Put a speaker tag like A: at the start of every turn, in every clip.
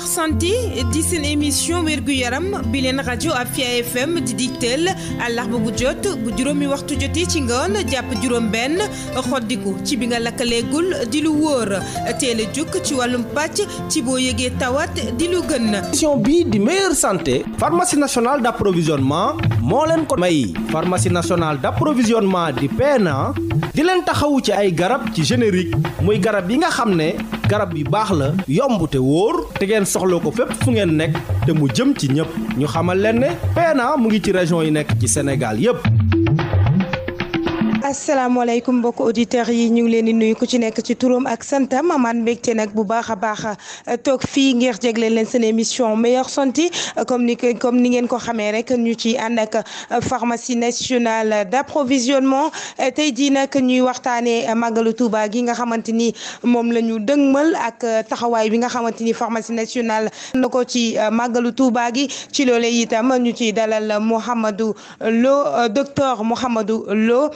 A: Dakar Santé di seen émission wérgu yaram bi leen rajo Afia FM di digteel àllarba bu jot bu juróomi waxtu jotee ci ngoon jàpp juróom-benn xoddiku ci bi nga lakkaleegul di lu wóor teel a jukk ci wàllum pàcc ci boo yëgee tawat di lu gën. émission bi di meilleure santé. pharmacie nationale d'approvisionnement moo leen ko may. pharmacie nationale
B: d'approvisionnement di PNA di leen taxawu ci ay garab ci générique muy garab yi nga xam ne. garab yu baax la yombute wóor te ngeen soxla ko fépp fu ngeen nekk te mu jëm ci ñëpp ñu xamal leen ne PNA mu ngi ci région yi nekk ci Sénégal yépp
A: asalaamaaleykum mbokk auditeurs yi ñu ngi leen di nuyu ku ci nekk ci turam ak santam amaan mbégte nag bu baax a baax a euh, toog fii ngir jégleen leen seen émission meilleur santé euh, comme ni comme ni ngeen ko xamee rek ñu ci ànd ak euh, pharmacie nationale d'approvisionnement tey jii nag ñuy waxtaanee màggalu Touba gi nga xamante ni moom la ñu dëgmal ak taxawaay bi nga xamante ni pharmacie nationale na ko ci màggalu Touba gi ci loolee itam ñu ci dalal Mouhamadou Lo docteur Mouhamadou Lo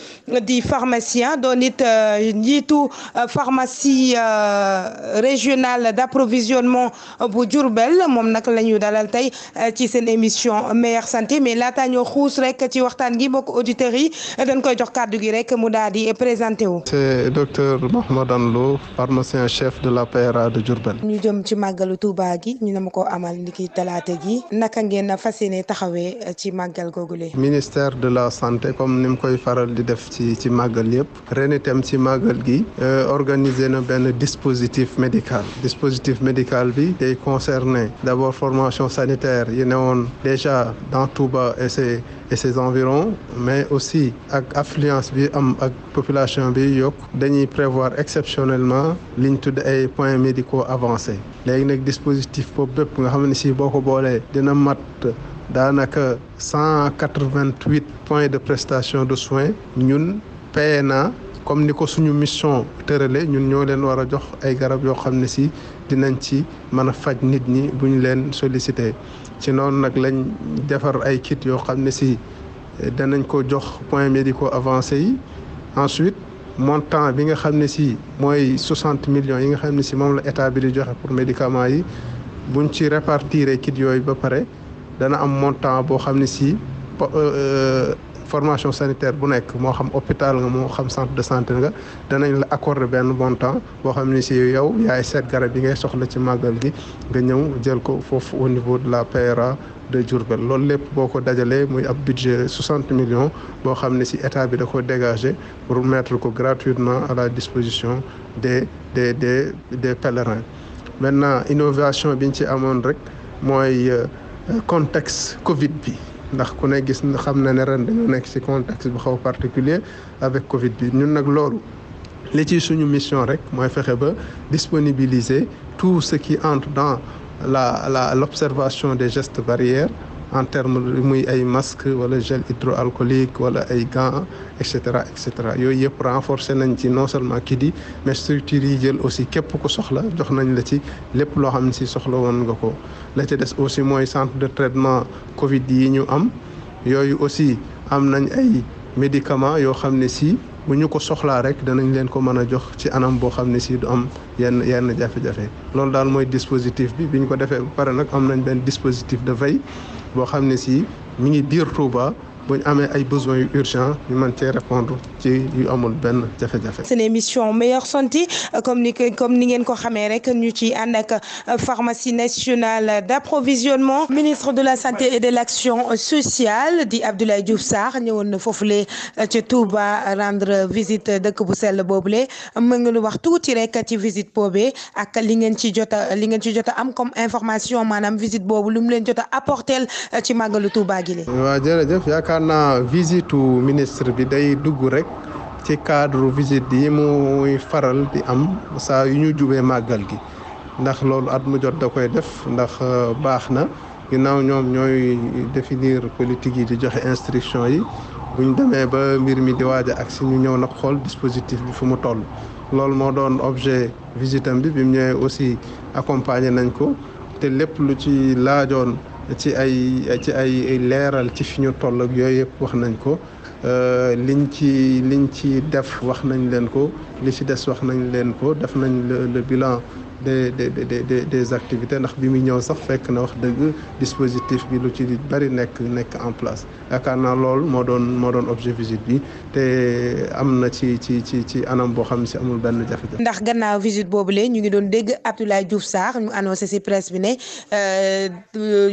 A: di pharmacien doon it euh, njiitu euh, pharmacie euh, régionale d'approvisionnement bu Diourbel moom nag la ñu dalal tey ci seen émission meilleure santé mais laataa ñoo xuus rek ci waxtaan gi mbokk auditeurs yi dañ koy jox kàddu gi rek mu daal di présenté wu.
B: c'est docteur Mahmoudane Lo pharmacien chef de l'APRA de Diourbel.
A: ñu jëm ci màggalu Touba gi ñu ne ma ko amal niki talaata gi naka ngeen fas yéene taxawee ci màggal googu
B: ministère de la santé comme ni koy faral di def ci yi ci màggal yëpp ren itam ci màggal gi euh, organiser na benn dispositif médical dispositif médical bi day concerné d'abord formation sanitaire yi ne woon déjà dans tout ba e et ses environs mais aussi ak affluence bi am ak population bi yokk dañuy prévoir exceptionnellement liñ tudd ay points médicaux avancés léegi nag dispositif boobu bépp nga xam ne si boo ko boolee dina mat daanaka cent quatre-vingt-huit points de prestation de soin ñun PNA comme ni ko suñu mission tërale ñun ñoo leen war a jox ay garab yoo xam ne si dinañ ci mën a faj nit ñi bu ñu leen sollicité ci noonu nag lañ defar ay kit yoo xam ne si eh, danañ ko jox points médicaux avancés yi ensuite montant bi nga xam ne si mooy soixante millions yi nga xam ne si moom la état bi di joxe pour médicament yi buñ ci répartir kit yooyu ba pare dana am montant boo xam ne si euh, euh, formation sanitaire bu nekk moo xam hôpital nga moo xam centre de santé nga danañ la accorder benn montant boo xam ne si yow yaay seet garab yi ngay soxla ci màggal gi nga ñëw jël ko foofu au niveau de la PRA de Diourbel lool lépp boo ko dajalee muy ab budget soixante millions boo xam ne si état bi da ko dégager pour mettre ko gratuitement à la disposition des des des des pèlerins maintenant innovation biñ ci amoon rek mooy. Euh, contexte Covid bi ndax ku ne gis xam na ne ren dañoo nekk ci contexte bu xaw particulier avec Covid bi ñun nag loolu li ci suñu mission rek mooy fexe ba disponibiliser tout ce qui entre dans la la l'observation des gestes barrières en terme muy ay masque wala gel hydroalcoolique wala ay gants et cetera et cetera yooyu yëpp renforcer nañ ci non seulement kii di mais structures yi jël aussi képp ko soxla jox nañ la ci lépp loo xam ne si soxla woon nga ko la ca des aussi mooy centre de traitement Covid yi ñu am yooyu aussi am nañ ay médicaments yoo xam ne si bu ñu ko soxlaa rek danañ leen ko mën a jox ci anam boo xam ne si du am yenn yenn jafe-jafe loolu daal mooy dispositif bi bi ñu ko defee ba pare nag am nañ benn dispositif de veille boo xam ne si mi ngi biir Touba bu ñu amee ay besoins yu urgents ñu mën cee
A: émission meilleure santé comme ni comme ni ngeen ko xamee rek ñu ci ànd ak pharmacie nationale d'approvisionnement ministre de la santé et de l'action sociale di Abdoulaye Diouf Sarr ñëwoon na foofule ci Touba rendre visite dëkk bu sell boobule mën ngeen wax tuuti rek ci visite boobee ak li ngeen ci jot a li ngeen ci jot am comme information maanaam visite boobu lu mu leen jot a apporter ci màggalu Touba gi
B: la. yaakaar naa visitu ministre bi day dugg rek ci cadre visite yi muy faral di am saa yu ñu jubee màggal gi ndax loolu at mu jot da koy def ndax euh, baax na ginnaaw ñoom ñooy définir politique yi di joxe instruction yi buñ demee ba mbir mi di waaja ak si ñu ñëw nag xool dispositif bi fu mu toll loolu moo doon objet visitam bi bi mu ñëwee aussi accompagné nañ ko te lépp lu ci laajoon ci ay ci ay leeral ci fi ñu toll ak yooyu yëpp wax nañ ko euh, liñ ci liñ ci def wax nañ leen ko li ci des wax nañ leen ko def nañ le bilan des des des des activités ndax bi muy ñëw sax fekk na wax dëgg dispositif bi lu ci bari nekk nekk en place yaakaar naa lool moo doon moo doon objet visite bi te am na ci ci ci ci anam boo xam si amul benn jafe-jafe.
A: ndax gannaaw visite boobule ñu ngi doon dégg Abdoulaye Diouf Sarr ñu annoncé si presse bi ne euh,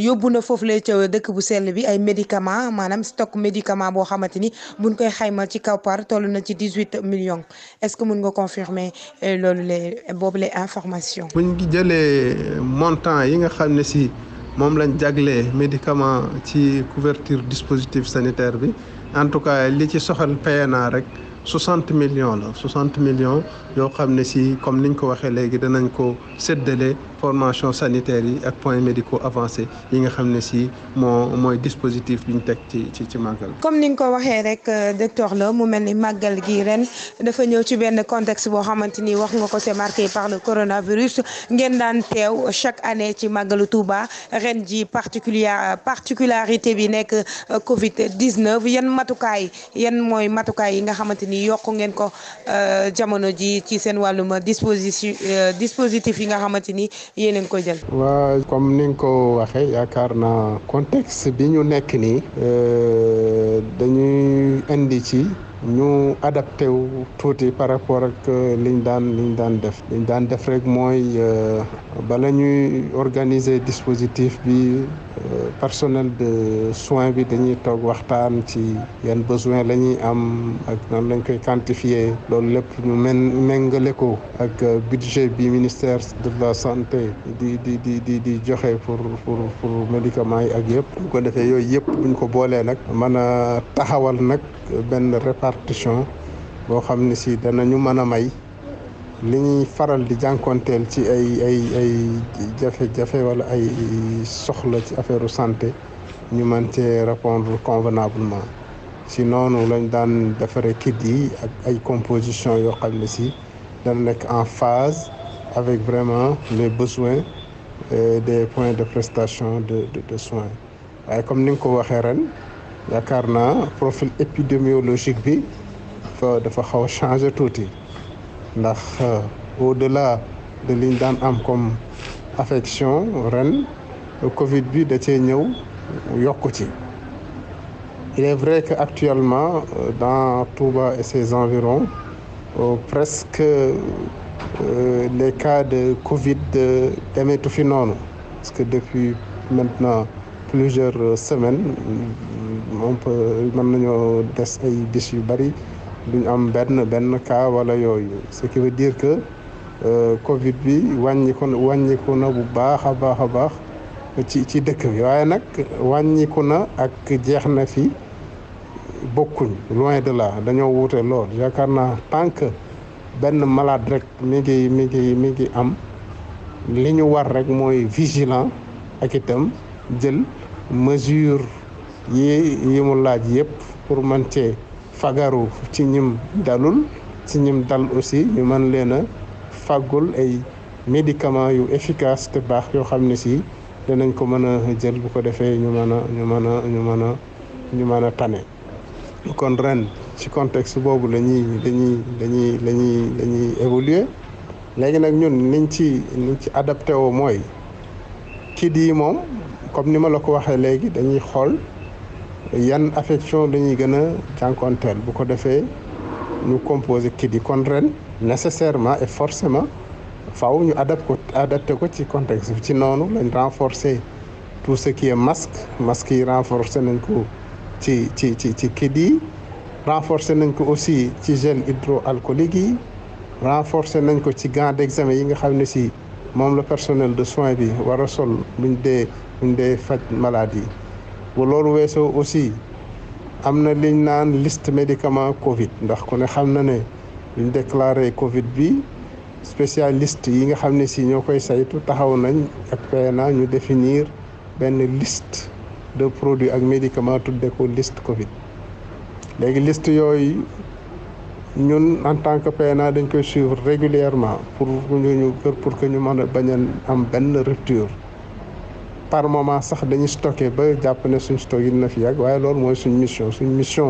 A: yóbbu na foofu la ca dëkk bu sell bi ay médicament maanaam stock médicament boo xamante ni mun koy xayma ci kaw par toll na ci dix huit millions est-ce que mun nga confirmer euh, loolu la boobu la information. question.
B: buñ di jëlee montant yi nga xam ne si moom lañ jaglee médicament ci couverture dispositif sanitaire bi en tout cas li ci soxal PNA rek soixante millions la soixante millions yoo xam ne si comme niñ ko waxee léegi danañ ko séddale. formation sanitaire yi ak points médicaux avancés yi nga xam ne si moo dispositif bi ñu teg ci màggal.
A: comme ni nga ko waxee rek euh, docteur la mu mel ni màggal gi ren dafa ñëw ci benn contexte boo xamante ni wax nga ko c'est marqué par le coronavirus ngeen daan teew chaque année ci màggalu Touba ren ji particulière particularité bi nekk euh, Covid 19 yan matukaay yan mooy matukaay yi nga xamante ni yokk ngeen ko euh, jamono ji ci seen wàllum dispositif dispositif yi nga xamante ni. yéen a ngi ko jël.
B: waa comme ni nga ko waxee yaakaar na contexte bi ñu nekk nii euh, dañuy indi ci. ñu adapté wu tuuti par rapport ak euh, liñ daan liñ daan def liñ daan def rek mooy euh, bala ñuy organiser dispositif bi euh, personnel de soins bi dañuy toog waxtaan ci yan besoin la ñuy am ak nan lañ koy quantifier loolu lépp ñu men méngale ko ak budget bi ministère de la santé di di di di di joxe pour pour pour médicaments yi ak yëpp ñu ko defee yooyu yëpp buñ ko boolee nag mën a taxawal nag benn répartition répartition boo xam ne si danañu mën a may li faral di jànkonteel ci ay ay ay jafe-jafe wala ay soxla ci affaire santé ñu mën cee répondre convenablement si noonu lañ daan defaree kit yi ak ay composition yoo xam ne si dana nekk en phase avec vraiment les besoins euh, des points de prestation de de, waaye comme ni nga ko waxee ren yaakaar naa profil épidémiologique bi fa dafa xaw a changé tuuti ndax euh, au delà de liñ daan am comme affection ren Covid bi da cee ñëw yokk ci. il est vrai que actuellement euh, dans Touba et ses environs euh, presque les cas de Covid demeetu fi noonu parce que depuis maintenant plusieurs semaines. on peut mën nañoo des ay bis yu bari duñ am benn benn cas wala yooyu ce qui veut dire que euh, Covid bi wàññiku wàññiku na bu baax a baax a baax ci ci dëkk bi waaye nag wàññiku na ak jeex na fi bokkuñ loin de la dañoo wuute lool yaakaar naa tant que benn malade rek mi ngi mi ngi mi ngi am li ñu war rek mooy vigilant ak itam jël mesure yi yi mu laaj yëpp pour man cee fagaru ci ñim dalul ci ñim dal aussi ñu mën leen a fàggul ay médicaments yu efficace te baax yoo xam ne si danañ ko mën a jël bu ko defee ñu mën a ñu mën a ñu mën a ñu mën a tane kon ren ci contexte boobu la ñuy dañuy dañuy lañuy la ñuy évoluer léegi nag ñun niñ ci niñ ci adapté woo mooy kit yi moom comme ni ma la ko waxee léegi dañuy xool yan affection dañuy gën a jànkonteel bu ko defee ñu composé kit yi kon ren nécessairement et forcément faw ñu adapté ko ko ci contexte ci noonu lañ renforcer tout ce qui est masque yi renforcer nañ ko ci ci ci ci kit yi renforcer nañ ko aussi ci gel hydroalcoolique yi renforcer nañ ko ci gants d'examen yi nga xam ne si moom la personnel de soins bi war a sol buñ dee buñ dee faj maladie bu loolu weesoo aussi am na liñ naan liste médicament Covid ndax ku ne xam na ne liñ déclaré Covid bi spécialiste yi nga xam ne si ñoo koy saytu taxaw nañ ak PNA ñu définir benn liste de produits ak médicament tudde ko liste Covid léegi liste yooyu ñun en tant que PNA dañ koy suivre régulièrement pour ñu ñu pour que ñu mën a bañ am benn rupture par moment sax dañu stocké ba jàpp ne suñ stock yi na fi yàgg waaye loolu mooy suñ mission suñ mission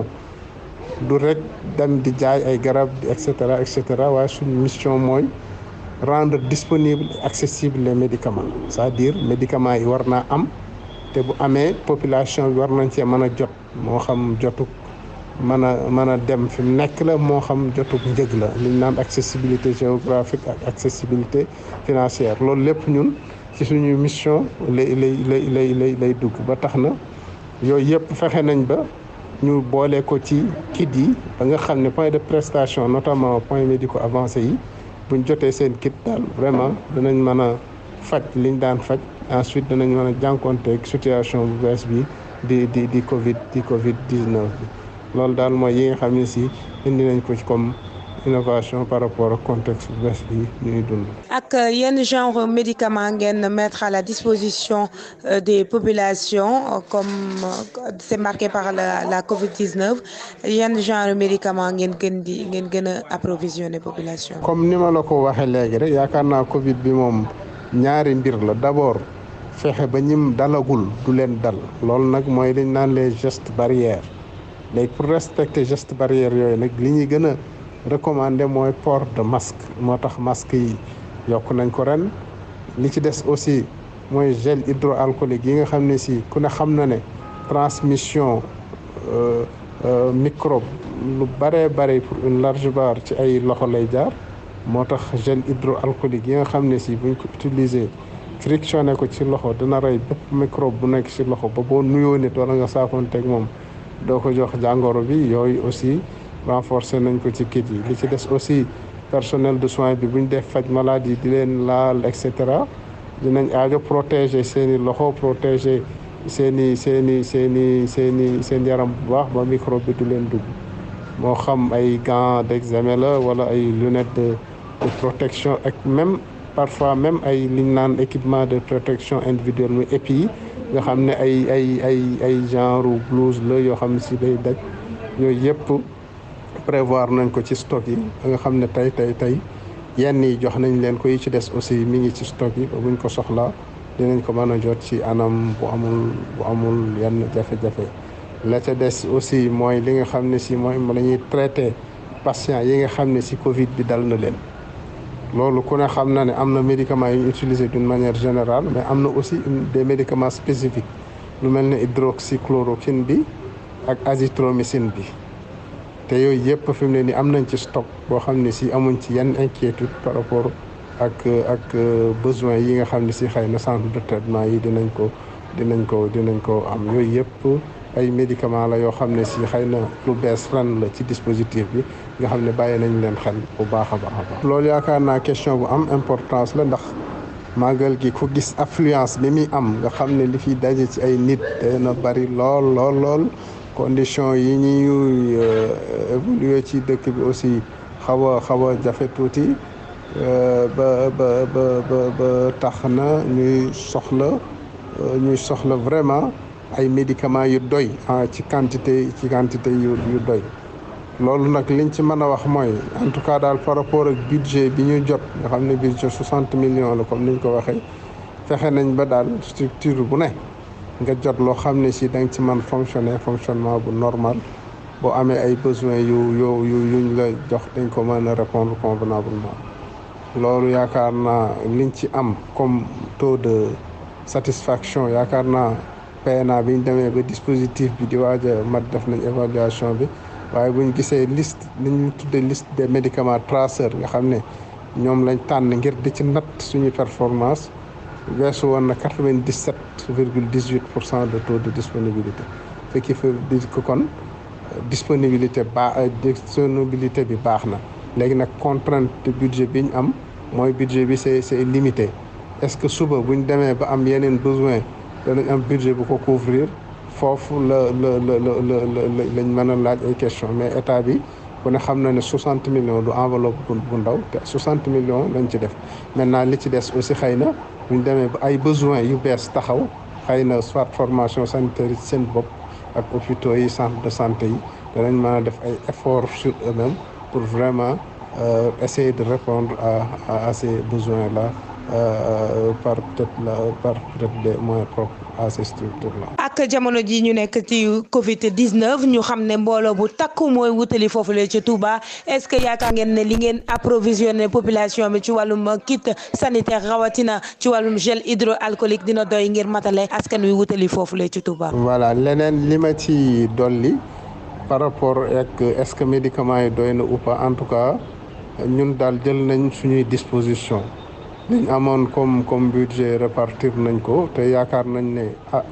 B: du rek dem di jaay ay garab et cetera et cetera waaye suñ mission mooy rendre disponible accessible de médicament cest diir médicament yi war naa am te bu amee population bi war nañ cee mën a jot moo xam jotuk mën a mën a dem fi mu nekk la moo xam jotuk njëg la li ñu naan accessibilité géographique ak accessibilité financière loolu lépp ñun ci suñu mission lay lay lay lay lay dugg ba tax na yooyu yëpp fexe nañ ba ñu boole ko ci kit yi ba nga xam ne point de prestation notamment point médico avancé yi buñ jotee seen kit daal vraiment danañ mën a faj liñ daan faj ensuite danañ mën a jànkonteeg situation bu bees bi di di di Covid di Covid 19 bi loolu daal mooy yi nga xam ne si indi nañ ko ci comme innovation par rapport ak contexte bu bees bi ñuy dund.
A: yenn genre médicament ngeen mettre disposition euh, des populations euh, comme euh, c'est marqué par la la Covid 19 yenn ngeen gën di ngeen gën a approvisionner population.
B: comme ni ma la ko waxee léegi rek yaakaar naa Covid bi moom ñaari mbir la d'abord. fexe ba ñim dalagul du leen dal loolu nag mooy liñ naan les gestes barrières léegi pour respecter gestes barrières yooyu nag li ñuy gën a recommandé mooy port de masque moo tax masque yi yokk nañ ko ren li ci des aussi mooy gel hydroalcoolique yi nga xam ne si ku ne xam na ne transmission euh, euh, microbe lu bare bare pour une large part ci ay loxo lay jaar moo tax gel hydroalcoolique yi nga xam ne si buñ ko utiliser frictionné ko ci loxo dina rey bépp microbe bu nekk ci loxo ba boo nuyoo nit wala nga teg moom doo ko jox jàngoro bi yooyu aussi renforcer nañ ko ci kit yi li ci des aussi personnel de soin bi bu def faj maladie di leen laal et cetera dinañ aajo protéger seen i loxo protéger seen i seen i seen i seen seen yaram bu baax ba microbe bi du leen dugg moo xam ay gants d'examen la wala ay lunettes de protection ak même parfois même ay liñ naan équipement de protection individuelle muy épi yi xam ne ay ay ay ay genre blouse la yoo xam ne si day daj yooyu yëpp. prévoir nañ ko ci stock yi ba nga xam ne tey tey tey yenn yi jox nañ leen ko yi ci des aussi mi ngi ci stock yi ba buñ ko soxla dinañ ko mën a jot ci anam bu amul bu amul yenn jafe-jafe la ca des aussi mooy li nga xam ne si mooy la ñuy traité patient yi nga xam ne si Covid bi dal na leen loolu ku ne xam na ne am na médicaments yi ñu utilisé d'une manière générale mais am na aussi des médicaments spécifiques lu mel ne hydroxychloroquine bi ak azithromycine bi te yooyu yëpp fi ne nii am nañ ci stock boo xam ne si amuñ ci yan inquiétude par rapport ak ak euh, besoin yi nga xam ne si xëy na centre de traitement yi dinañ ko dinañ ko dinañ ko am yooyu yëpp ay médicament la yoo xam ne si xëy na lu bees ren la ci dispositif bi nga xam ne bàyyee nañ leen xel bu baax a baax loolu yaakaar naa question bu am importance la ndax màggal gi ko gis affluence ni muy am nga xam ne li fiy daje ci ay nit dana bari lool lool lool condition yi ñuy euh, évoluer ci dëkk bi aussi xawa a xaw a jafe tuuti euh, ba ba ba tax na ñuy soxla euh, ñuy soxla vraiment ay médicaments yu doy ah, ci quantité ci quantité yu yu doy loolu nag liñ ci mën a wax mooy en tout cas daal par rapport ak budget bi ñu jot nga xam ne budget soixante million la comme niñ ko waxee fexe nañ ba daal structure bu ne nga jot loo xam ne si da nga ci man fonctionner fonctionnement bu normal boo amee ay besoins yu yu yu yuñ lay jox dañ ko mën a répondre convenablement loolu yaakaar naa liñ ci am comme taux de satisfaction yaakaar naa PNA bi ñu demee ba dispositif bi di waaja mat def nañ évaluation bi waaye buñ gisee liste li ñu tuddee liste des médicaments traceurs nga xam ne ñoom lañ tànn ngir di ci nat suñu performance weesu woon na quatre vingt dix sept virgule dix huit pour cent de taux de disponibilité ce qui veut dire que kon euh, disponibilité baa euh, disponibilité bi baax na léegi nag te budget bi ñu am mooy budget bi c'est c'est limité est-ce que suba bu ñu demee ba am yeneen besoin danañ am budget bu ko couvrir foofu la la lañ mën a laaj ay question mais état bi ku ne xam na ne soixante millions du enveloppe bu ndaw te soixante million lañ ci def maintenant li ci des aussi xëy na ñu demee ba ay besoins yu bees taxaw xëy na soit formation sanitaire yi seen bopp ak hôpitaux yi centre de santé yi danañ mën a def ay efforts sur eux-mêmes pour vraiment euh, essayer de répondre à à ces besoins là Euh, euh, euh, par peut-être la par peut-être des moyens
A: ak jamono ji ñu nekk ci Covid 19 ñu xam ne mbooloo bu takk mooy wutali foofu la ci Touba est-ce que yaakaar ngeen ne li ngeen approvisionner population bi ci wàllum kit sanitaire rawatina ci wàllum gel hydroalcoolique dina doy ngir matale askan wi wutali foofu lay ci Touba.
B: voilà leneen li ma ci dolli par rapport ak est-ce que médicaments yi doy na ou pas en tout cas ñun daal jël nañ suñuy disposition liñ amoon comme comme budget répartir nañ ko te yaakaar nañ ne ah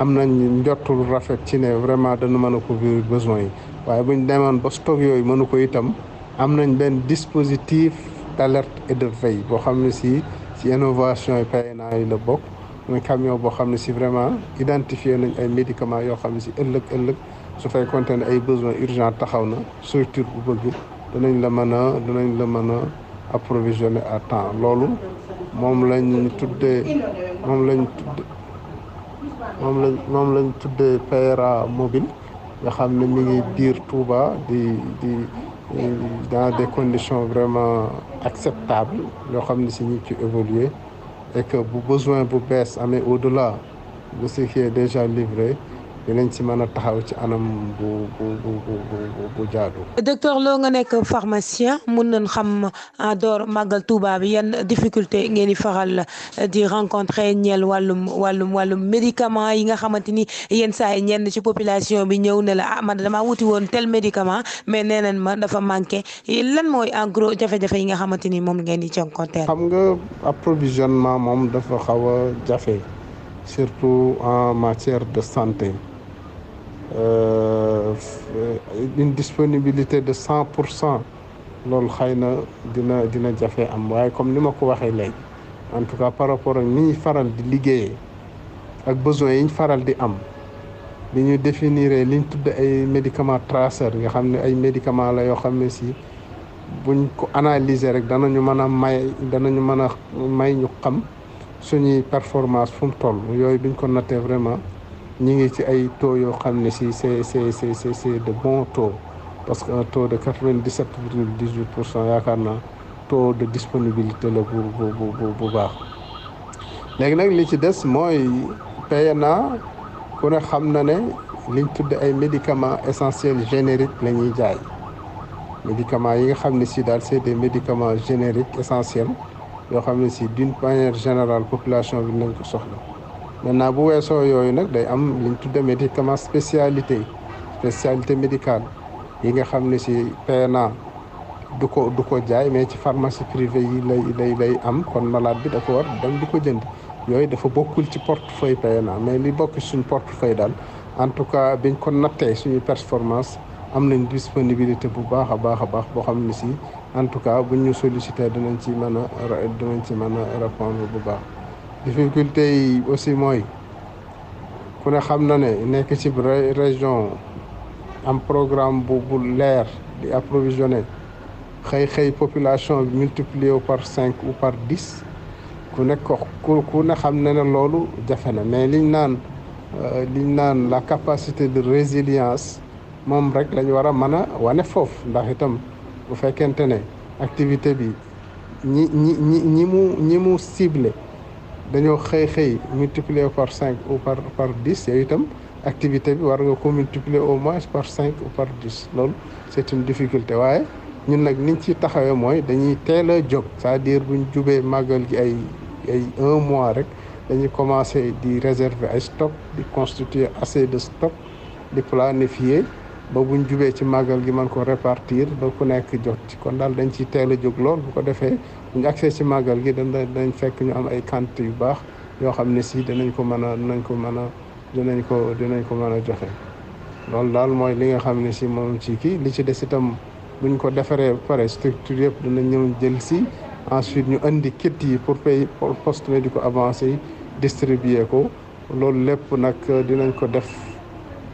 B: am nañ njottul rafet ci ne vraiment dana mën a couvrir besoins yi waaye buñ demoon ba stock yooyu mënu ko itam am nañ benn dispositif d' alerte et de veille boo xam ne si ci innovation yi naa yi la bokk muy camion boo xam ne si vraiment identifier nañ ay médicaments yoo xam ne si ëllëg ëllëg su fekkoonte ne ay besoins urgents taxaw na structure bu bëgg danañ la mën a danañ la mën a approvisionné à temps loolu moom lañ tuddee moom lañ tuddee moom lañ moom lañ tuddee PRA mobile nga xam ne mi ngi biir Touba di di dans des conditions vraiment acceptables yoo xam ne si ñu ci évoluer et que bu besoin bu bees amee au-delà de ce qui est déjà livré dinañ si mën a taxaw ci anam bu bu bu bu bu jaadu.
A: docteur Lo nga nekk pharmacien mun nan xam ah, door màggal Touba bi yan difficulté ngeen di faral di rencontrer ñel wàllum wàllum wàllum médicament yi nga xamante ni yenn saa yi ñenn ci population bi ñëw ne la ah man damaa wuti woon tel médicament mais nee nañ ma dafa manqué lan mooy en gros jafe-jafe yi nga xamante ni moom ngeen di jànkonteel. xam nga
B: approvisionnement moom dafa xaw a jafe surtout en matière de santé. Euh, une disponibilité de cent pour cent loolu xëy na dina dina jafe am waaye comme ni ma ko waxee léegi en tout cas par rapport ak ni ñuy faral di liggéeyee ak besoins yi ñu faral di am li ñu définir li ñu tudd ay médicaments traceurs nga xam ne ay médicament la yoo xam ne si buñ ko analyser rek danañu mën a may danañu mën a may ñu xam suñuy performance fu mu toll yooyu biñ ko nattee vraiment. ñu ngi ci ay taux yoo xam ne si c'est c'est c'est c'est de bons taux parce que un taux de quatre-vingt-dix-sept virgule dix-huit pour cent yaakaar naa taux de disponibilité la bu bu bu bu baax. léegi nag li ci des mooy PNA ku ne xam na ne liñ tudd ay médicaments essentiels génériques la ñuy jaay médicaments yi nga xam ne si daal c'est des médicaments génériques essentiels yoo xam ne si d'une manière générale population bi nañ ko soxla. maintenant bu weesoo yooyu nag day am li ñu tudde médicament spécialité spécialité médicale yi nga xam ne si PNA du ko du ko jaay mais ci pharmacie privée yi lay lay lay am kon malaat bi dafa war dem du ko jënd yooyu dafa bokkul ci portefeuille PNA mais li bokk suñ portefeuille daal en tout cas biñ ko nattee suñu performance am nañ disponibilité bu baax a baax a baax boo xam ne si en tout cas buñ ñu sollicité dinañ ci mën a dinañ ci mën a répondre bu baax difficulté yi aussi mooy ku ne xam na ne nekk ci région am programme bu bu leer di approvisionner xëy xëy population bi multiplier wu par cinq ou par dix ku ne ko ku ne xam na ne loolu jafe na mais liñ naan euh, liñ naan la capacité de résilience moom rek lañ war a mën a wane foofu ndax itam bu fekkente ne activité bi ñi ñi ñi ñi mu ñi mu ciblé dañoo xëy xëy multiplier par cinq ou par par dix yooyu itam activité bi war nga ko multiplier au moins par cinq ou par dix lool c'est une difficulté waaye ñun nag niñ ci taxawee mooy dañuy teel a jóg c'est-à-dire buñ jubee màggal gi ay ay un mois rek dañuy commencer di réserver ay stock di constituer assez de stock di planifier ba buñ jubee ci màggal gi man ko répartir ba ku nekk jot ci kon daal dañ ciy teel a jóg lool bu ko defee bu ñu agsee ci màggal gi dañ fekk ñu am ay quantité yu baax yoo xam ne si danañ ko mën a dinañ ko mën a dinañ ko dinañ ko mën a joxe loolu daal mooy li nga xam ne si moom ci kii li ci des itam buñ ko defaree pare structure yëpp dinañ ñëw jël si ensuite ñu indi kit yi pour pay pour poste di ko avancé distribuer ko loolu lépp nag dinañ ko def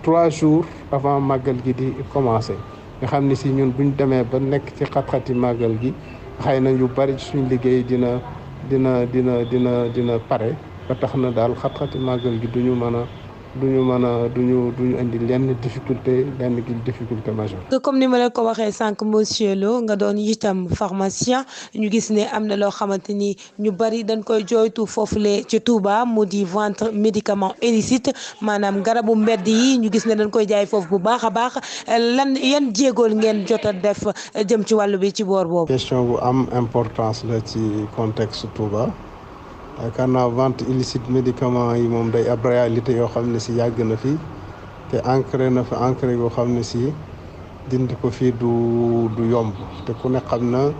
B: trois jours avant màggal gi di commencé nga xam ne si ñun buñ demee ba nekk ci xat-xati màggal gi xëy na yu bari suñ liggéey dina dina dina dina dina pare ba tax na daal xat-xati màggal gi duñu mën a du ñu mën a duñu duñu indi lenn difficulté lenn gi
A: comme ni ma la ko waxee sànq monsieur Lo nga doon itam pharmacien ñu gis ne am na loo xamante ni ñu bari dañ koy jooytu foofule ci Touba mu di ventre médicament illicite maanaam garabu mbedd yi ñu gis ne dañ koy jaay foofu bu baax a baax lan yan jéegool ngeen jot a def jëm ci wàll bi ci boor boobu.
B: question bu am importance la ci contexte Touba. yaakaar naa vente illicite médicaments yi moom day ab réalité yoo xam ne si yàgg na fi te ancré na fi ancré yoo xam ne si dindi ko fii du du yomb te ku ne xam na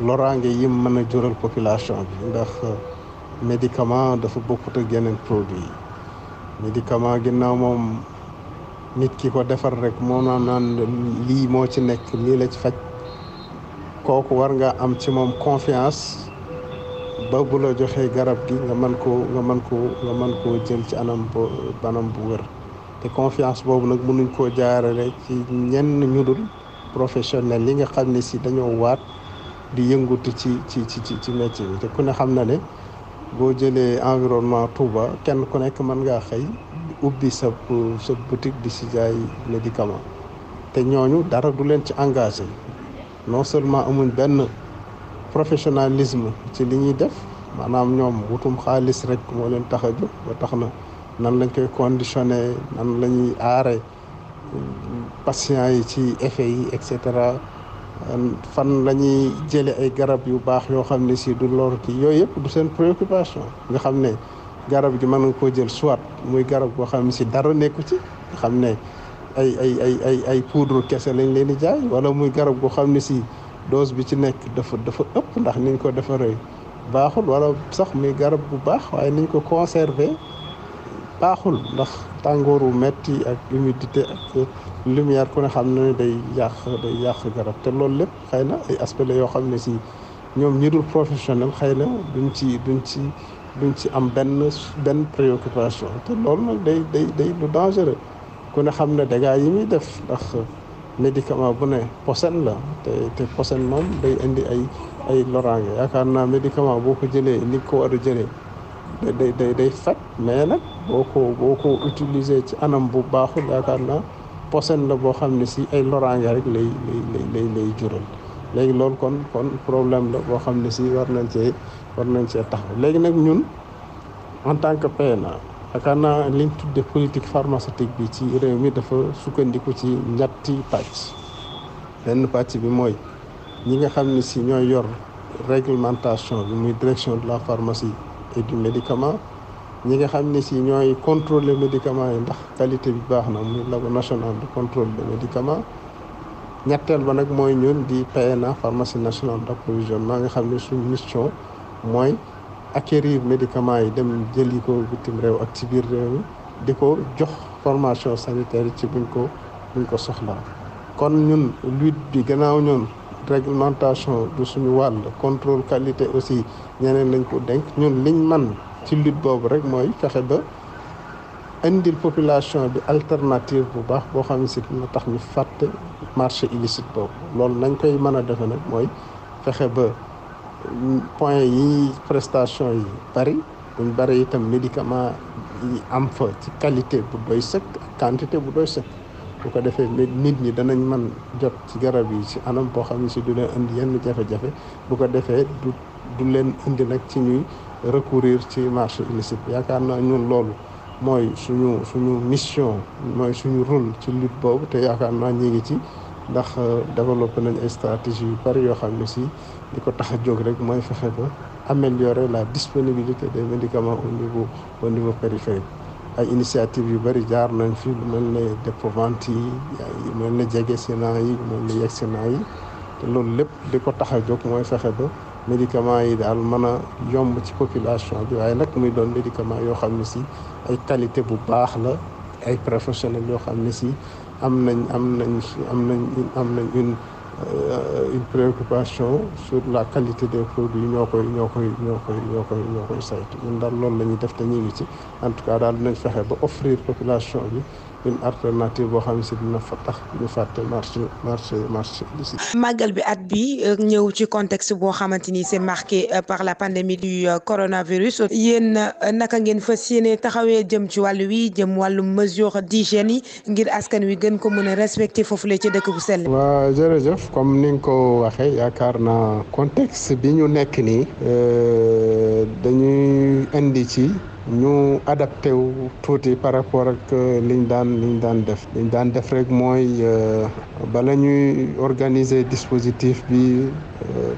B: loraange yi mën a jural population bi ndax médicament dafa bokkut ak produit yi médicament ginnaaw moom nit ki ko defar rek moo naan naan lii moo ci nekk lii la ci faj kooku war ngaa am ci moom confiance ba bu la joxee garab gi nga mën koo nga mën koo nga mën koo jël ci anam bu banam bu wër te confiance boobu nag mënuñ koo jaarale ci ñenn ñu dul professionnel yi nga xam ne si dañoo waat di yëngutu ci ci ci ci métier bi te ku ne xam na ne boo jëlee environnement Touba kenn ku nekk mën ngaa xëy ubbi sa sa di si jaay médicament te ñooñu dara du leen ci engagé non seulement amuñ benn professionnalisme ci li ñuy def maanaam ñoom wutum xaalis rek moo leen tax a jóg tax na nan lañ koy conditionné nan la ñuy aare mm, patients yi ci effet yi et cetera euh, fan la ñuy jële ay garab yu baax yoo xam ne si du lor ki yooyu yëpp du seen préoccupation nga xam ne garab gi mën nga koo jël soit muy garab goo xam ne si dara nekku ci nga xam ne ay ay ay ay ay poudre kese lañ leen di jaay wala muy garab goo xam ne si dose bi ci nekk dafa dafa ëpp ndax niñ ko defaree baaxul wala sax muy garab bu baax waaye niñ ko conserver baaxul ndax tàngooru metti ak humidité ak lumière ku xam na ne day yàq day yàq garab te loolu lépp xëy na ay aspect yoo xam ne si ñoom ñi dul professionnel xëy na duñ ci duñ ci duñ ci am benn benn préoccupation te loolu nag day day day lu dangereux ku ne xam ne dégâts yi muy def ndax médicament bu ne posen la te te posen mam day indi ay ay loraange yaakaar naa médicament boo ko jëlee ni ko war jëlee day day day faj mais nag boo ko boo ko utiliser ci anam bu baaxul yaakaar na posen la boo xam ne si ay loraange rek lay lay lay lay jural léegi loolu kon kon problème la boo xam ne si war nañ cee war nañ cee taxaw léegi nag ñun en tant que PNA yaakaar naa liñ tudde politique pharmaceutique bi ci réew mi dafa sukkandiku ci ñetti pàcc benn pàcc bi mooy ñi nga xam ne si ñooy yor réglementation bi muy direction de la pharmacie et du médicament ñi nga xam ni si ñooy contrôler médicament yi ndax qualité bi baax na muy labo national de contrôle des médicaments ñetteel ba nag mooy ñun di PNA pharmacie nationale maa ngi xam ni suñu mission mooy acquérir médicament yi dem jëli ko bitim réew ak ci biir réew yi di ko jox formation sanitaire ci buñ ko buñ ko soxla kon ñun lutte bi gannaaw ñun réglementation du suñu wàll contrôle qualité aussi ñeneen lañ ko denk ñun liñ man ci lutte boobu rek mooy fexe ba indil population bi alternative bu baax boo xam ne si dina tax ñu fàtte marché illicite boobu loolu nañ koy mën a defe nag mooy fexe ba point yi prestation yi bari buñ bari itam médicament yi am fa ci qualité bu doy sëkk ak quantité bu doy sëkk bu ko defee nit ñi danañ man jot ci garab yi ci anam boo xam ne si du leen indi yenn jafe-jafe bu ko defee du du leen indi nag ci ñuy recourir ci marché illicite yaakaar naa ñun loolu mooy suñu suñu mission mooy suñu rôle ci lutte boobu te yaakaar naa ñi ngi ci ndax euh, développé nañ ay stratégie yu bari yoo xam ne si li ko tax a jóg rek mooy fexe ba améliorer la disponibilité des médicaments au niveau au niveau périphérique ay initiative yu bëri jaar nañ fi lu mel ne dépôts-ventes yi lu mel ne jege sénat yi lu mel ne yegg sénat yi te loolu lépp li ko tax a jóg mooy fexe ba médicaments yi daal mën a yomb ci population bi waaye nag muy doon médicament yoo xam ne si ay qualité bu baax la ay professionnels yoo xam ne si am nañ am nañ am nañ am nañ une Euh, une préoccupation sur la qualité des produits ñoo koy ñoo koy ñoo koy ñoo koy ñoo koy saytu ñun daal loolu la ñuy def te ñu ngi ci en tout cas daal dinañ fexe ba offrir population bi une alternative boo xam ne si dina fa tax ñu fàtte marché marché marché
A: bi at bi euh, ñëw ci contexte boo xamante ni c'est marqué euh, par la pandémie du euh, coronavirus yéen naka ngeen fas yéene taxawee jëm ci wàll wi jëm wàllu mesure d'hygiène yi ngir askan wi gën ko mën a respecté foofu la ci dëkk bu sell.
B: waaw jërëjëf comme ni nga ko waxee yaakaar na contexte bi ñu nekk nii dañuy indi ci. ñu adapté wu tuuti par rapport ak euh, liñ daan liñ daan def liñ daan def rek mooy euh, bala ñuy organiser dispositif bi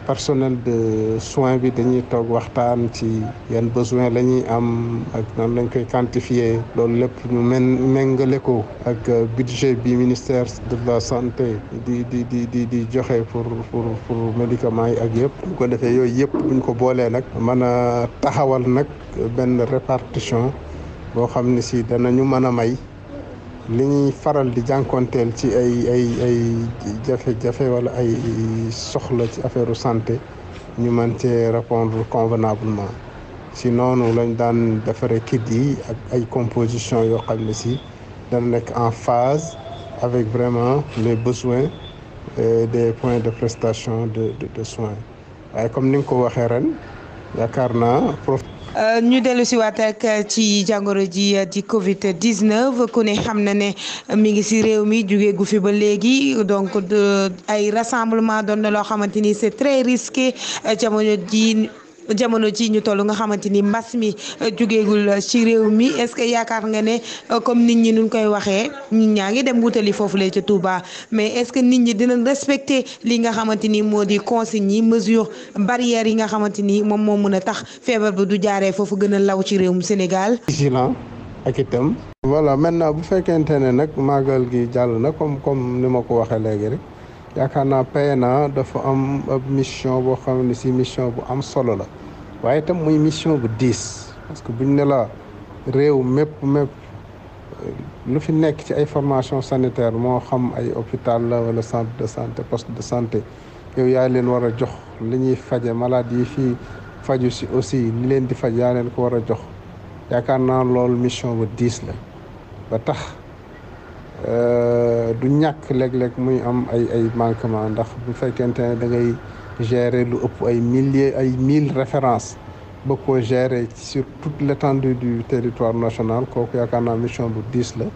B: personnel de soins bi dañuy toog waxtaan ci yan besoin la ñuy am ak nan lañ koy quantifier loolu lépp ñu men méngale ko ak budget bi ministère de la santé di di di di di joxe pour pour pour médicaments yi ak yëpp bu ko defee yooyu yëpp buñ ko boolee nag mën a taxawal nag benn répartition boo xam ne si danañu mën a may li ñuy faral di jànkoonteel ci ay ay ay jafe-jafe wala ay soxla ci affaire santé ñu mën cee répondre convenablement si noonu lañ daan defaree kit yi ak ay composition yoo xam ne si dana nekk en phase avec vraiment les besoins euh, des points de prestation de de soins waaye comme ni ko waxee ren naa
A: Euh, ñu dellu si waat ak euh, ci jàngoro ji euh, di Covid 19 ku ne xam na ne mi ngi si réew mi jugee gu fi ba léegi donc ay rassemblement doon na loo xamante ni c'est très risqué jamono ji. jamono ji ñu toll nga xamante ni mbas mi euh, jugeegul euh, ci réew mi est-ce que yaakaar nga ne euh, comme nit ñi nuñ koy waxee ñaa ngi dem wutali foofu lee ca Touba mais est-ce que nit ñi dinañ respecter li nga xamante ni moo di consignes yi mesures barrières yi nga xamante ni moom moo mën a tax feebar bi du jaaree foofu gën a law ci réewum Sénégal.
B: vigilant ak itam. voilà maintenant bu fekkente ne nag màggal gi jàll na comme comme ni ma ko waxee léegi rek. yaakaar naa PNA dafa am mission boo xam ne si mission bu am solo la waaye itam muy mission bu diis parce que buñ ne la réew mépp mépp nu fi nekk ci ay formation sanitaire moo xam ay hôpital la wala centre de santé de santé yow yaa leen war a jox li ñuy faje malade yi fii faju si aussi li leen di faj yaa leen ko war a jox yaakaar naa loolu mission bu diis la ba tax Euh, du ñàkk léeg-léeg muy am ay ay manquement ndax bu fekkente ne da ngay lu ëpp ay milliers ay mille références ba koo gérer sur toute l'étendue du territoire national kooku yaakaar naa mission bu diis la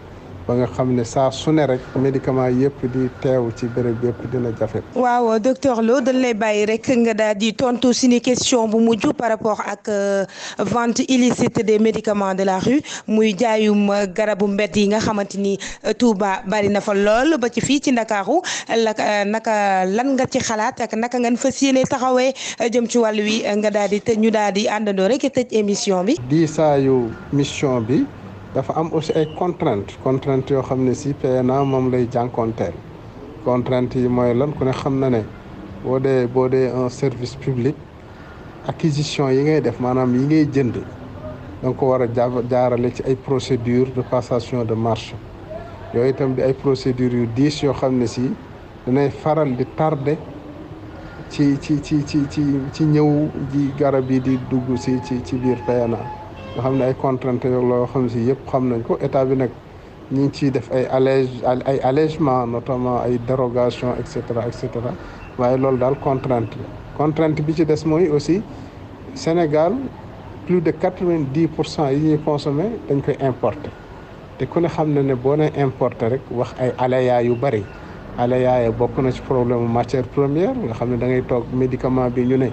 B: ba nga xam ne saa su ne rek médicament yëpp di teew ci béréb yëpp dina jafe.
A: waaw docteur Lo dañ lay bàyyi rek nga daal di tontu suñu question bu mujj par rapport ak euh, vente illicite des médicament de la rue muy jaayum garabu mbedd yi nga xamante ni euh, Touba bari na fa lool ba ci fii ci Ndakaaru la euh, naka lan nga ci xalaat ak naka ngeen fa yéene taxawee jëm ci wàll wi nga daal di ñu daal di àndandoo rek tëj émission bi.
B: diisaayu mission bi. dafa am aussi ay contraintes contraintes yoo xam ne si PNA moom lay jànkoonteel contraintes yi mooy lan ku ne xam na ne boo dee boo dee un service public acquisition yi ngay def maanaam yi ngay jënd da ko war a jaarale ci ay procédure de passation de marché yooyu itam di ay procédures yu diis yoo xam ne si danay faral di tardé ci ci ci ci ci ci ñëw ji garab yi di dugg si ci ci biir PNA. nga xam ne ay contraintes yo loo xam si yëpp xam nañ ko état bi nag ñu ngi ciy def ay allège ay allègement notamment ay dérogation et cetera et waaye loolu daal contrainte la bi ci des mooy aussi Sénégal plus de quatre-vingt-dix pour cent yi ñuy consommé dañ koy importer te ku ne xam na ne boo nee importer rek wax ay aléas yu bëri aléas yi bokk na ci problème matière première nga xam ne da ngay toog médicament bi ñu ne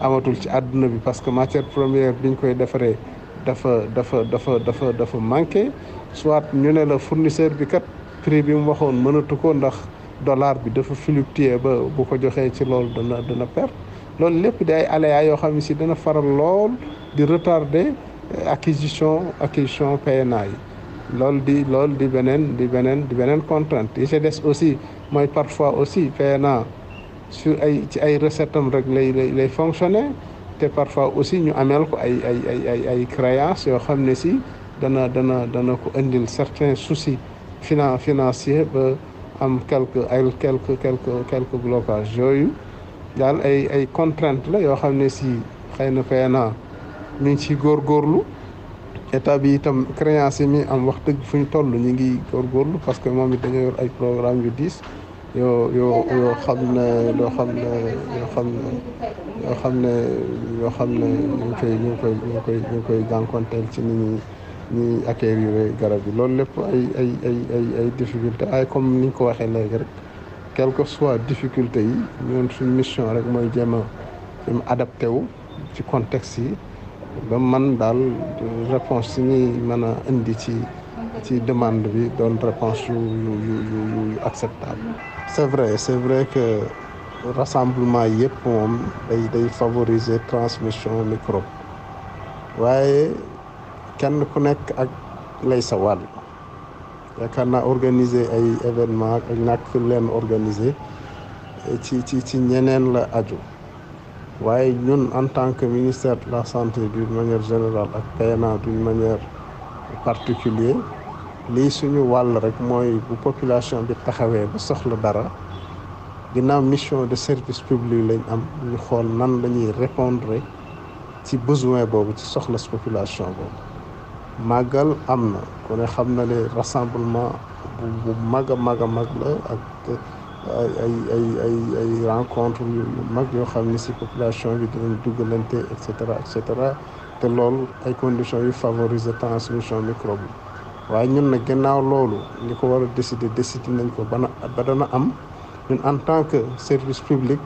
B: amatul ci adduna bi parce que matière première biñ koy defaree dafa dafa dafa dafa dafa manqué soit ñu ne la fournisseur bi kat prix bi mu waxoon mënatu ko ndax dollar bi dafa fluctuer ba bu ko joxee ci lool dana dana perte loolu lépp day aléa yoo xam ne si dana faral lool di retarder euh, acquisition acquisition PNA yi loolu di lool di beneen di beneen di beneen contrainte yi ci des aussi mooy parfois aussi PNA sur ay ci ay recette rek lay lay lay fonctionner te parfois aussi ñu ameel ko ay ay ay ay yoo xam ne si dana dana dana ko indil certains soucis finan financiers ba am quelque ay quelque blocage yooyu daal ay ay contraintes la yoo xam ne si xëy na PNA mi ngi ciy góorgóorlu état bi itam créances yi mi am wax dëgg fu ñu toll ñu ngi góorgóorlu parce que moom it dañoo yor ay programme yu diis yoo yoo yoo xam yoo xam ne yoo xam ne yoo xam ne yoo xam ne ñu koy ñu ngi koy ñu ngi ci ni ñuy ñuy acquérir garab yi loolu lépp ay ay ay ay ay difficulté ay comme ni ñu ko waxee léegi rek quel que soit difficulté yi ñun suñ mission rek mooy jéem a adapté wu ci contexte yi ba man daal réponse si ñuy mën a indi ci ci demande bi doon réponse yu yu yu yu acceptable c'est vrai c'est vrai que rassemblement yëpp moom day day favoriser transmission microbe waaye kenn ku nekk ak lay sa wàll yaakaar naa organiser ay événement ak ñàkk leen organiser eh, ci ci ci ñeneen la aju waaye ñun en tant que ministère de la santé d'une manière générale ak PNA d'une manière particulière lii suñu wàll rek mooy bu population bi taxawee ba soxla dara ginnaaw mission de service public lañ am ñu xool nan la ñuy répondre ci besoin boobu ci soxlas population boobu màggal am na ku xam na ne rassemblement bu bu mag a mag a mag la ak ay ay ay ay ay rencontre yu mag yoo xam ne si population bi dinañ dugalante et cetera et cetera te lool ay conditions yu favoriser transmission microbe waaye ñun na gannaaw loolu li ko war a décider décider nañ ko bana ba dana am ñu en tant que service public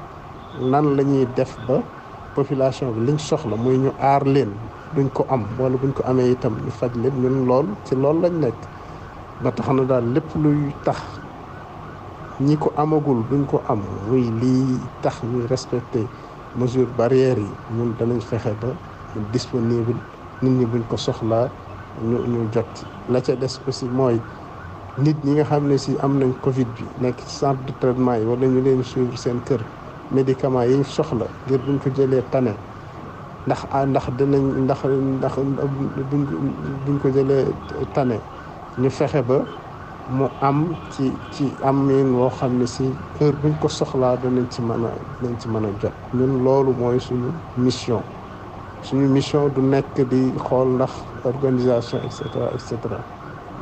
B: nan lañuy def ba population bi liñ soxla muy ñu aar leen duñ ko am wala buñ ko amee itam ñu faj leen ñun lool ci loolu lañ nekk ba tax na daal lépp luy tax ñi ko amagul duñ ko am muy lii tax ñuy respecter mesures barrières yi ñun danañ fexe ba disponible nit ñi buñ ko soxlaa ñu jot la ca des aussi mooy nit ñi nga xam ne si am nañ Covid bi nekk ci centre de traitement yi wala ñu leen suivre seen kër médicaments yi ñu soxla ngir buñ ko jëlee tane ndax ah, ndax dinañ ndax ndax buñ buñ ko jëlee tane ñu fexe ba mu am ci ci am yéen woo xam ne si heure buñ ko soxlaa danañ ci mën a danañ ci mën a jot ñun loolu mooy suñu mission suñu mission du nekk di xool ndax organisation et cetera et cetera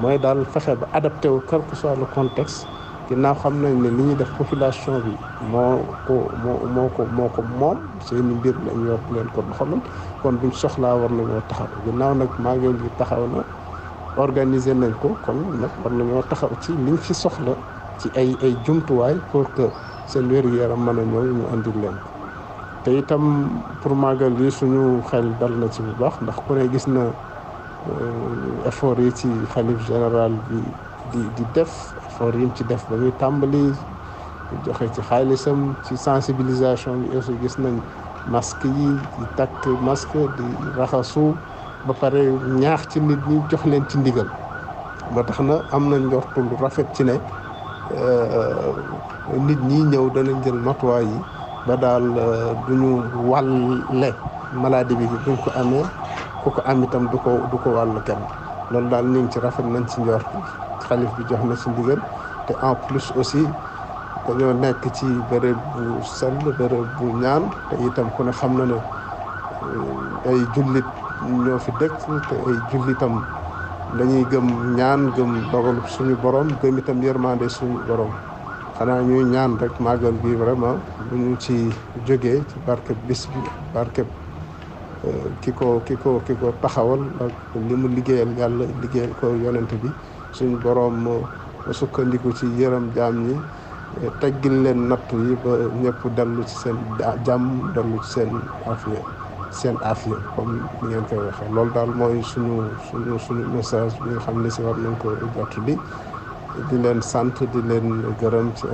B: mooy daal fexe ba adapté wu quel que soit le contexte ginnaaw xam nañ ne li ñuy def population bi moo ko moo moo ko moo ko moom seeni mbir lañ yor leen ko doxalal kon buñ soxlaa war nañoo taxaw ginnaaw nag maa ngi taxaw na organiser nañ ko kon nag war nañoo taxaw ci liñ ci soxla ci ay ay jumtuwaay pour que seen wér-gu-yaram mën a ñëw ñu andil leen ko te itam pour màggal yi suñu xel dal na ci bu baax ndax ku ne gis na. Euh, effort yi ci xalif général bi di di def effort yi ci def ba muy tàmbali joxe ci xaalisam ci sensibilisation yi aussi gis nañ masque yi di takk masque di raxasu ba pare ñaax ci nit ñi jox leen ci ndigal ba tax na am na njortu rafet ci ne euh, nit ñi ñëw danañ jël matuwaay yi ba daal euh, duñu wàlle maladie bi duñ ko amee ku ko am du ko du ko wàllu kenn loolu daal ñu ngi ci rafet nañ ci njort xalif bi jox na ci ndigal te en plus aussi dañoo nekk ci bërëb bu sell bërëb bu ñaan te itam ku ne xam na ne euh, ay jullit ñoo fi dëkk te ay jullitam dañuy gëm ñaan gëm dogal suñu borom gëm itam yërmande suñu borom xanaa ñuy ñaan rek màggal bi vraiment bu ñu ci jógee ci barkeb bis barkeb ki ko ki ko ki ko taxawal ak li mu liggéeyal yàlla liggéeyal ko yonent bi suñ boroom sukkandiku ci yëram jaam ñi teggil leen natt yi ba ñëpp dellu ci seen jàmm dellu ci seen afiya seen afiya comme ni ngeen koy waxee loolu daal mooy suñu suñu suñu message bi nga xam ne si war nañ ko jot bi di leen sant di leen gërëm ci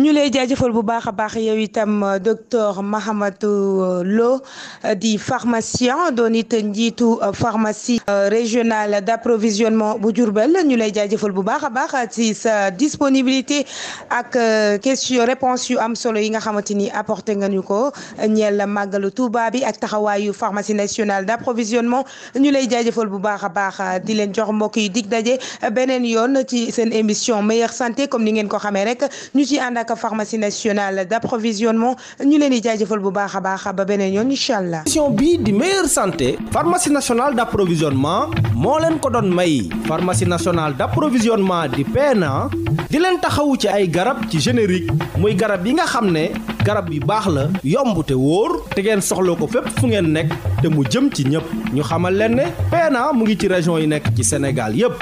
A: ñu lay jaajëfal bu baax a baax yow itam euh, docteur Mahamadou euh, Lo euh, di pharmacien doon it njiitu pharmacie régionale d'approvisionnement bu Diourbel ñu lay jaajëfal bu baax a baax ci sa disponibilité ak question réponse yu am solo yi nga xamante ni apporté nga ñu ko ñeel màggalu Touba bi ak taxawaayu pharmacie nationale d'approvisionnement ñu lay jaajëfal bu baax a baax di leen jox mbokk yi dig daje beneen yoon. ci seen émission meilleure santé comme ni ngeen ko xamee rek ñu ci ànd ak pharmacie nationale d'approvisionnement ñu leen di jaajëfal bu baax a baax ba beneen yoon incha allah.
B: émission bii di meilleure santé pharmacie nationale d'approvisionnement moo leen ko doon may pharmacie nationale d'approvisionnement di PNA di leen taxawu ci ay garab ci générique muy garab yi nga xam ne garab yu baax la yomb te wóor te ngeen soxla ko fépp fu ngeen nekk te mu jëm ci ñëpp ñu xamal leen ne PNA mu ngi ci région yi nekk ci Sénégal yépp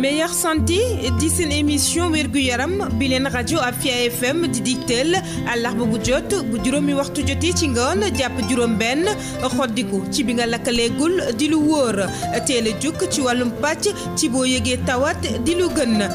A: meilleure santé di seen émission wérgu yaram bi leen rajo Afia FM di digteel àllarba bu jot bu juróomi waxtu jotee ci ngoon jàpp juróom-benn xoddiku ci bi nga lakkaleegul di lu wóor teel a jukk ci wàllum pàcc ci boo yëgee tawat di lu gën.